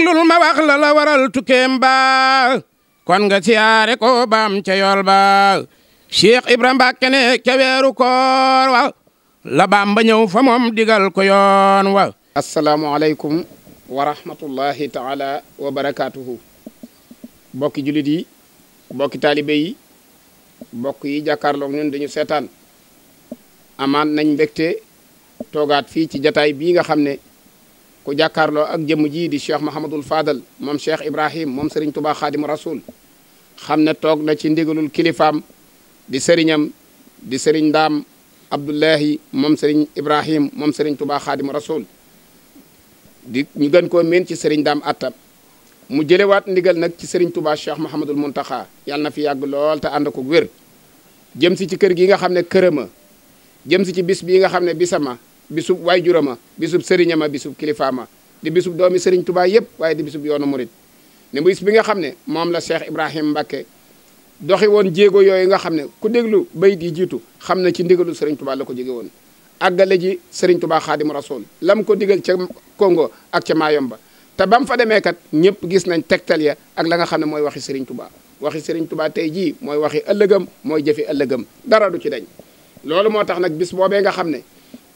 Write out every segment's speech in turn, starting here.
lul ma wax la waral tukkeem ba kon nga siyaare ko baam ca yool ba Cheikh Ibra Mbàkke ne koor wa la baam ba ñëw fa moom digal ko yoon wa asalaamualeykum wa rahmatullahi taala wa barakaatuhu bokki julit yi bokki taalibe yi bokk yi jàkkaarloog ñun dañu seetaan amaan nañ mbégte toogaat fii ci jataay bii nga xam ne ku jàkkaarloo ak jëmm jii di cheikh Mahamadul Fadal moom cheikh Ibrahim moom Serigne Touba Xaadimu Rasul xam ne toog na ci ndigalul kilifaam di sëriñam di sëriñ Ndaam Abdullahi moom Serigne Ibrahim moom Serigne Touba Xaadimu Rasul di ñu gën koo meen ci sëriñ ndam Atta mu jële waat ndigal nag ci Serigne Touba cheikh Mahamadul Muntaxa yàlla na fi yàgg lool te ànd ko wér jëm si ci kër gi nga xam ne kërëma jëm si ci bis bii nga xam ne bisama bisub waajurama bisub sëriñama bisub kilifaama di bisub doomi sëriñ tubaa yëpp waaye di bisub yoonu murit ne bis bi nga xam ne moom la Cheikh Ibrahim Mbacke doxi woon jéego yooyu nga xam ne ku déglu bayit yi jiitu xam na ci ndigalu sëriñ tubaa la ko jóge woon àggale ji sëriñ tubaa xaadimu rasul lam ko digal ca Congo ak ca Mayomba te ba mu fa demee kat ñëpp gis nañ tegtal ya ak la nga xam ne mooy waxi sëriñ tubaa waxi sëriñ tubaa tey jii mooy waxi ëllëgam mooy jëfi ëllëgam dara du ci dañ loolu moo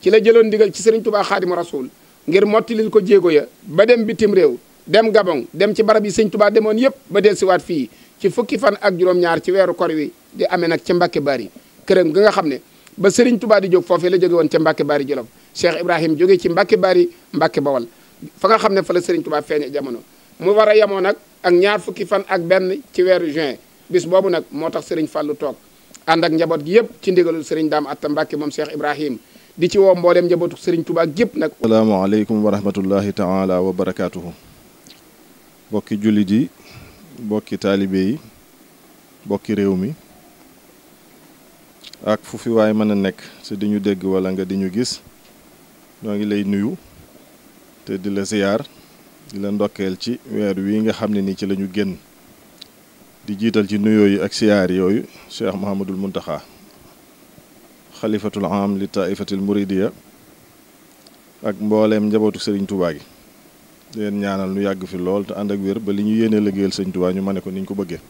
ci la jëloon ndigal ci sëriñ tubaa xaadimu rasul ngir mottilil ko jéego ya ba dem bitim réew dem gabon dem ci barab yi sëriñ tubaa demoon yëpp ba dellusiwaat fii ci fukki fan ak juróom-ñaar ci weeru kor wi di amee nag ca Mbàkke Bari këram ga nga xam ne ba sëriñ tubaa di jog foofee la jóge woon ca Mbàkke Bari Jolof Cheikh Ibrahim jóge ci Mbàkke Bari Mbàkke Bawal fa nga xam ne fa la sëriñ tubaa feeñe jamono mu war a yemoo nag ak ñaar fukki fan ak benn ci weeru juin bis boobu nag moo tax sëriñ Fàllu toog ànd ak njaboot yëpp ci ndigalul sëriñ Daam Atta Mbàkke moom Cheikh Ibrahim di ci woo mboolem njabootu sëriñ Tuubaa gépp nag. salaamaaleykum wa rahmatullahi taala wa barakaatuhu. bokki jullit yi bokki taalibe yi bokki réew mi ak fu fi waay mën a nekk te di ñu dégg wala nga di ñu gis ñoo ngi lay nuyu te di la ziyaar di la ndokkeel ci weer wi nga xam ne ni ci lañu génn di jiital ci nuyoo yi ak siyaar yooyu Cheikh Mouhamadul Muntaxa xalifatul am li taifatil muridiya ak mbooleem njabootu sëriñ tubaa gi leen ñaanal nu yàgg fi lool te ànd ak wér ba li ñu yéene liggéeyal sëriñ tubaa ñu mane ko ñu ko bëggee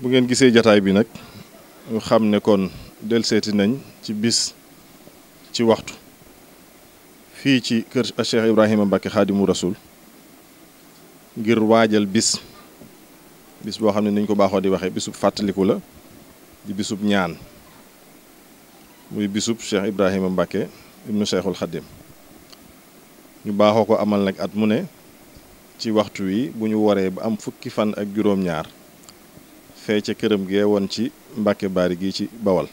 bu ngeen gisee jataay bi nag ñu xam ne kon delseeti nañ ci bis ci waxtu fii ci kër Cheikh Ibrahima Mbacke xaadimu rasul ngir waajal bis bis boo xam ne niñ ko baaxoo di waxee bisub fàttaliku la di bisub ñaan muy bisub Cheikh Ibrahima Mbacke ibnu Cheikhul Khadim ñu baaxoo ko amal nag at mu ne ci waxtu wi bu ñu waree ba am fukki fan ak juróom-ñaar fee ca këram gee woon ci Mbacke Bari gi ci Bawal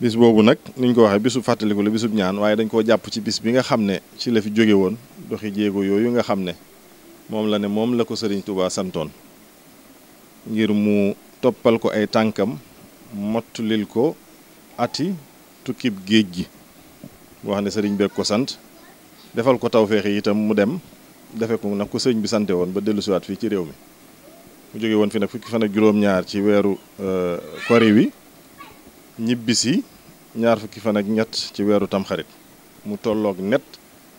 bis boobu nag niñ ko waxee bisub fàttaliku la bisub ñaan waaye dañ koo jàpp ci bis bi nga xam ne ci la fi jóge woon doxi jéego yooyu nga xam ne moom la ne moom la ko sëriñ Touba santoon ngir mu toppal ko ay tànkam mottulil ko ati tukkib géej gi wax ne sëriñ beeg ko sant defal ko tawféex yi itam mu dem defe ko nag ko sëñ bi sante woon ba dellu siwaat fii ci réew mi mu jóge woon fi nag fukki fan ak juróom-ñaar ci weeru euh, kori wi ñibbisi ñaar fukki fan ak ñett ci weeru tamxarit mu tollook net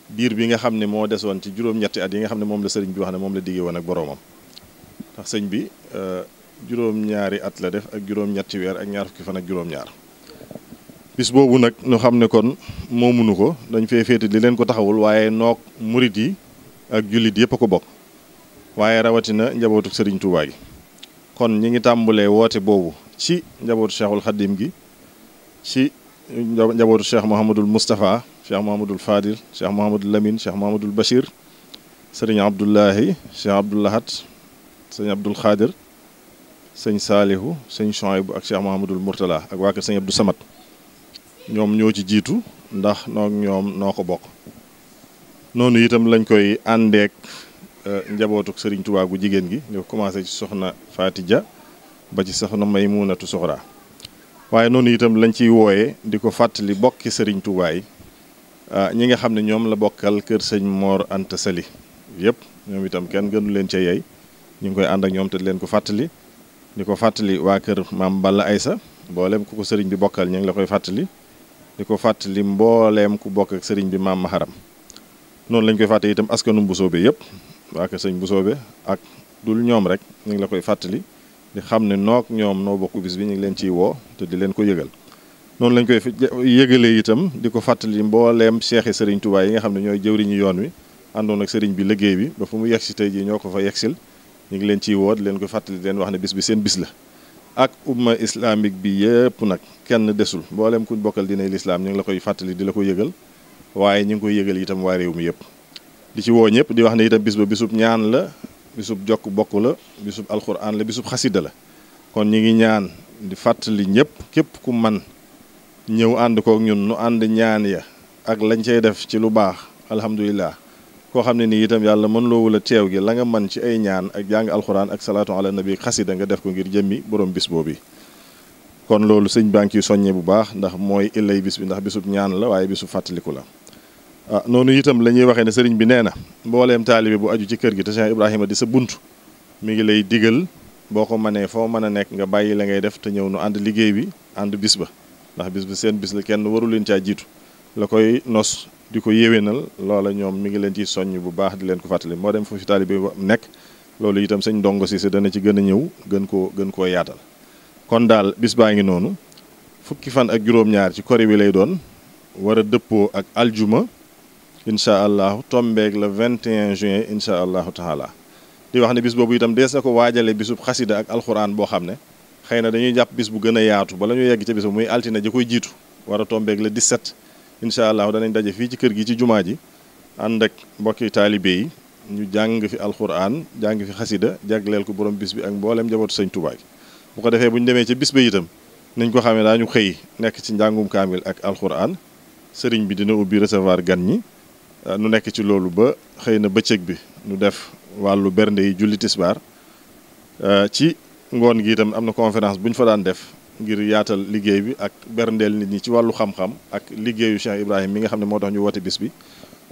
diir bi nga xam ne moo desoon ci juróom-ñetti at yi nga xam ne moom la sëriñ bi wax ne moom la diggee woon ak boroomam ndax sëñ bi euh, juróom-ñaari at la def ak juróom-ñetti weer ak ñaar fukki fan ak juróom-ñaar bis boobu nag ñu xam ne kon moomunu ko dañ fee féete li leen ko taxawul waaye noog murit yi ak jullit yëpp a ko bokk waaye rawatina njabootu Serigne Touba gi kon ñi ngi tàmbalee woote boobu ci njabootu Cheikhul Khadim gi ci njabootu Cheikh Mouhamadul Moustapha Cheikh Mouhamadul Fadil Cheikh Mouhamadul Lamine Cheikh Mouhamadul Bachir sëriñ Abdullahi Cheikh Abdoulahat sëñ Abdoul Khadir sëñ Saalihu sëñ Chouaïbou ak Cheikh Mouhamadul Mourtala ak waa kër sëñ Abdou Samad ñoom ñoo ci jiitu ndax noog ñoom noo ko bokk noonu itam lañ koy àndeek euh, njabootuk sëriñ tuwaay bu jigéen gi ñu commencé ci soxna Faati Ja ba ci soxna Maymunatu Soxra waaye noonu itam lañ ciy wooyee di ko fàttali bokki sëriñ Tuubaa euh, ñi nga xam ne ñoom la bokkal kër sëñ moor Anta Sali yëpp ñoom itam kenn gënu leen ca yey ñu ngi koy ànd ak ñoom te leen ko fàttali di ko fàttali waa kër maam bala Aysa boolem ku ko sëriñ bi bokkal ñu ngi la koy fàttali di ko fàttali mbooleem ku bokk ak sëriñ bi maam maharam noonu lañ koy fàttali itam askanu Mbusoobe yëpp waa kër sëriñ Mbusoobe ak dul ñoom rek ñu ngi la koy fàttali di xam ne noog ñoom noo bokk bis bi ñu ngi leen ciy woo te di leen ko yëgal noonu lañ koy yëgalee itam di ko fàttali mbooleem seexi sëriñ Tuubaa yi nga xam ne ñooy jëwriñu yoon wi àndoon ak sëriñ bi liggéey bi ba fu mu yegsi tey jii ñoo ko fa yegsil ñu ngi leen ciy woo di leen ko fàttali leen wax ne bis bi seen bis la ak umma islamique bi yëpp nag kenn desul mboolem kuñ bokkal diine lislaam ñu ngi la koy fàttali di la ko yëgal waaye ñu ngi koy yëgal itam waa réew mi yëpp di ci woo ñëpp di wax ne itam bis ba bisub ñaan la bisub jokk bokk la bisub alquran la bisub xasida la kon ñu ngi ñaan di fàttali ñëpp képp ku man ñëw ànd kook ñun nu ànd ñaan ya ak lañ cay def ci lu baax alhamdulilah koo xam ne nii itam yàlla mën loowu la teew gi la nga man ci ay ñaan ak jàng alxuraan ak salaatu ala nabi xasida nga def ko ngir jëmmi borom bis boobu kon loolu sëñ baa ngi ciy soññe bu baax ndax mooy illay bis bi ndax bisub ñaan la waaye bisu fàttaliku la ah noonu itam la ñuy waxee ne sëriñ bi nee na mbooleem taalibe bu aju ci kër gi te Cheikh Ibrahima di sa bunt mi ngi lay digal boo ko mënee foo mën a nekk nga bàyyi la ngay def te ñëw nu ànd liggéey bi ànd ba ndax bis bi seen bis la kenn waru leen caa jiitu di ko yéwénal loola ñoom mi ngi leen ci soññ bu baax di leen ko fàttali moo dem fu fi taalibe bi nekk loolu itam sañ ndongo si dana ci gën a ñëw gën koo gën koo yaatal kon daal bis baa ngi noonu fukki fan ak juróom-ñaar ci kori wi lay doon war a dëppoo ak aljuma incha allahu tombeeg le 21 juin incha allahu taala di wax ni bis boobu itam dee na ko waajale bisub xasida ak alxuraan boo xam ne xëy na dañuy jàpp bis bu gën a yaatu bala ñu yegg ca bis ba muy altine ja koy jiitu war a tombeeg le 17 incha allah danañ daje fii ci kër gi ci jumaa ji ànd ak mbokki taalibe yi ñu jàng fi alxuraan jàng fi xasida jagleel ko borom bis bi ak mboolem njabootu sañ Tuubaa bu ko defee bu ñu demee ca bis ba itam nañ ko xamee daañu xëy nekk ci njàngum kaamil ak alxuraan sëriñ bi dina ubbi recevoir gan ñi euh, nu nekk ci loolu ba xëy na bëccëg bi nu def wàllu bernde yi julli tisbaar euh, ci ngoon gi itam am na conférence bu ñu fa daan def ngir yaatal liggéey bi ak berndeel nit ñi ci wàllu xam-xam ak liggéeyu Cheikh Ibrahim mi nga xam ne moo tax ñu woote bis bi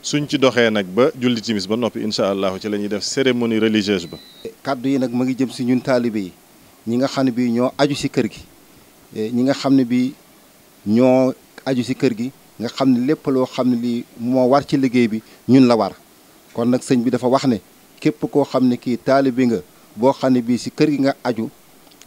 suñ ci doxee nag ba julli timis ba noppi incha allahu ci lañuy ñuy def cérémonie religieuse ba. kàddu yi nag ma ngi jëm si ñun taalibe yi ñi nga xam ne bii ñoo aju si kër gi ñi nga xam ne bii ñoo aju si kër gi nga xam ne lépp loo xam ne lii moo war ci liggéey bi ñun la war kon nag sëñ bi dafa wax ne képp koo xam ne kii taalibe nga boo xam ne bii si kër gi nga aju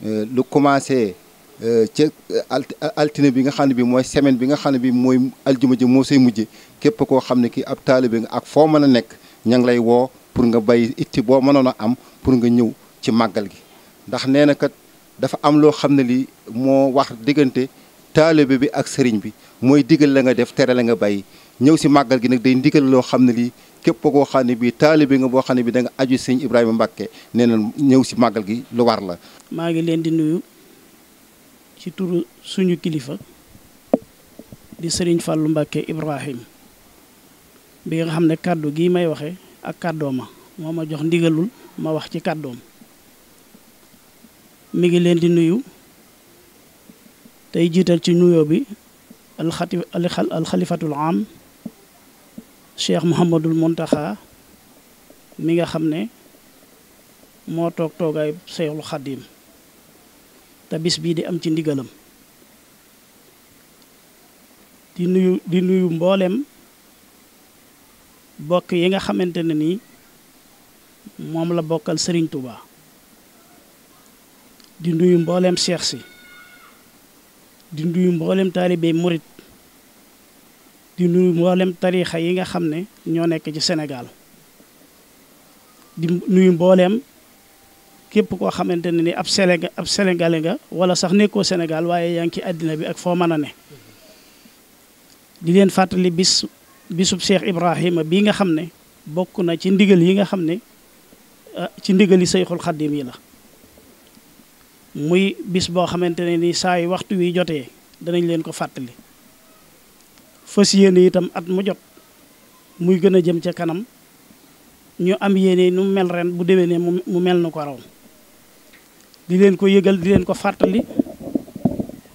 eh, lu commencé. Euh, ca euh, euh, altine bi nga xam ne bi mooy semaine bi nga xam ne bi mooy aljuma ji moo say mujj képp koo xam ne kii ab taalibe nga ak foo mën a nekk ña ngi lay woo pour nga bay itti boo mënoon a am pour nga ñëw ci màggal gi ndax nee na kat dafa am loo xam ne lii moo wax diggante taalibe bi ak sëriñ bi mooy digal la nga def tere nga bàyyi ñëw si màggal gi nag day ndigal loo xam ne lii képp koo xam ne bii taalibe nga boo xam ne bi da nga aju sëñ Ibrahima Mbacke nee na ñëw si màggal gi lu war la maa ngi leen di nuyu ci turu suñu kilifa di sëriñ Fàllu Mbàkke Ibrahim bi nga xam ne kàddu gi may waxe ak kàddooma moo ma jox ndigalul ma wax ci kàddoom mi ngi leen di nuyu tey jiital ci nuyoo bi alxati alxalifatul am cheikh Mouhamadul Mountakha mi nga xam ne moo toog toogaayu Seexul Xaddiim tabis bii di am ci ndigalam di nuyu di nuyu mbooleem bokk yi nga xamante ne nii moom la bokkal sëriñ Touba di nuyu mboolem Cheikh si di nuyu mboolem taalibe murit di nuyu mboolem tarixa yi nga xam ne ñoo nekk ci Sénégal di nuyu mboolem. képp koo xamante ne ni ab Sénégal ab sénégalais nga wala sax nekkoo Sénégal waaye yaa ci àddina bi ak foo mën a ne di leen fàttali bis bisub Cheikh Ibrahima bii nga xam ne bokk na ci ndigal yi nga xam ne ah, ci ndigali Seyxul Xaddim yi la muy bis boo xamante ne ni saa yu waxtu wi jotee danañ leen ko fàttali fas yéene itam at mu jot muy gën a jëm ca kanam ñu am yéene nu mel ren bu ne mu mel nu ko raw di leen ko yëgal di leen ko fàttali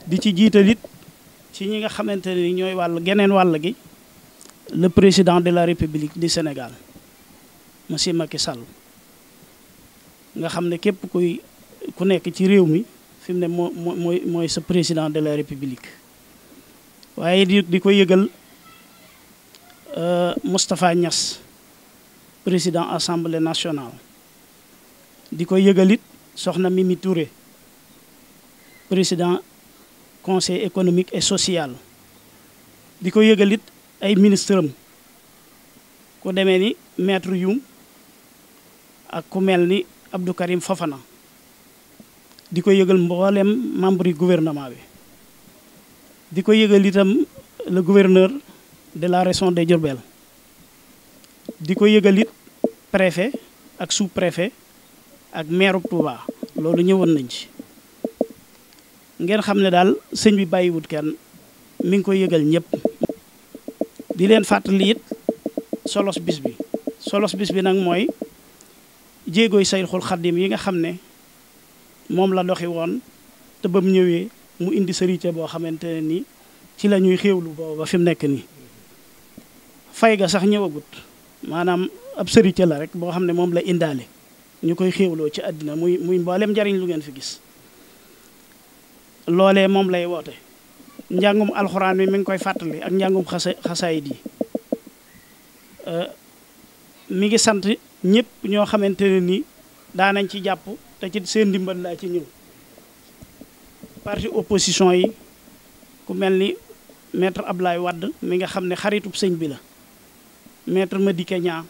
di ci jiital it ci ñi nga xamante ni ñooy wàll geneen wàll gi le président de la république di Sénégal monsieur Macky Sall nga xam ne képp kuy ku nekk ci réew mi fi mu ne moo mooy sa président de la république waaye di di ko yëgal euh, Moustapha Niass président assemblée nationale di ko yëgalit soxna Mimi Touré président conseil économique et social di ko yëgalit ay ministre am ku demee ni maître Youm ak ku mel ni Abdou Karim Fofana di ko yëgal mboolem membre yu gouvernement bi di ko yëgal le gouverneur de la région de Diourbel di ko yëgal it ak sous-préfet ak meerub Touba loolu ñëwoon nañ ci ngeen xam ne daal sëñ bi bàyyiwut kenn mi ngi koy yëgal ñëpp di leen fàttali it solos bis bi solos bis bi nag mooy jéegooy Sayxul Xaddim yi nga xam ne moom la doxi woon te ba mu ñëwee mu indi sërite boo xamante ne ni ci la ñuy lu booba fi mu nekk nii fay ga sax ñëwagut maanaam ab sërite la rek boo xam ne moom la indaale ñu koy xéewloo ci àddina muy muy mboolem njariñ lu ngeen fi gis loole moom lay woote njàngum alxuraan bi mi ngi koy fàttali ak njàngum xasa xasaayit yi euh, mi ngi sant ñëpp ñoo xamante ne ni daanañ ci jàpp te ci seen ndimbal laa ci ñëw parti opposition yi ku mel ni maître Ablaye Wade mi nga xam ne xaritub sëñ bi la maître Madické Niang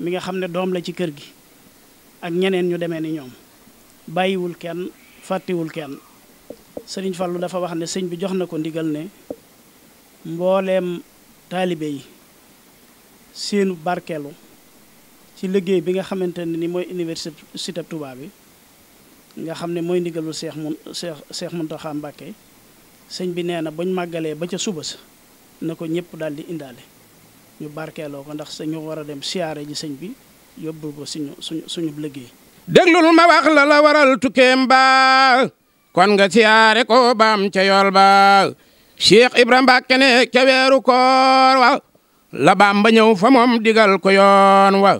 mi nga xam ne doom la ci kër gi ak ñeneen ñu demee ni ñoom bàyyiwul kenn fàttiwul kenn sëriñ Fallu dafa wax ne sëñ bi jox na ko ndigal ne mbooleem taalibe yi seenu barkeelu ci liggéey bi nga xamante ne ni mooy université tubaab bi nga xam ne mooy ndigalul seex mun seex seex Muntaxa Mbàkke sëñ bi nee na bañ màggalee ba ca suba sa na ko ñëpp daal di indaale ñu barkeeloo ko ndax sañu war a dem siyaare ji sëñ bi yóbbu ko suñu suñu suñu liggéey. déglul ma wax la la waral tukkeem ba kon nga siyaare ko baam ca yool ba Cheikh Ibrahima Mbàkke ne ca weeru koor wa la Bamba ñëw fa moom digal ko yoon wa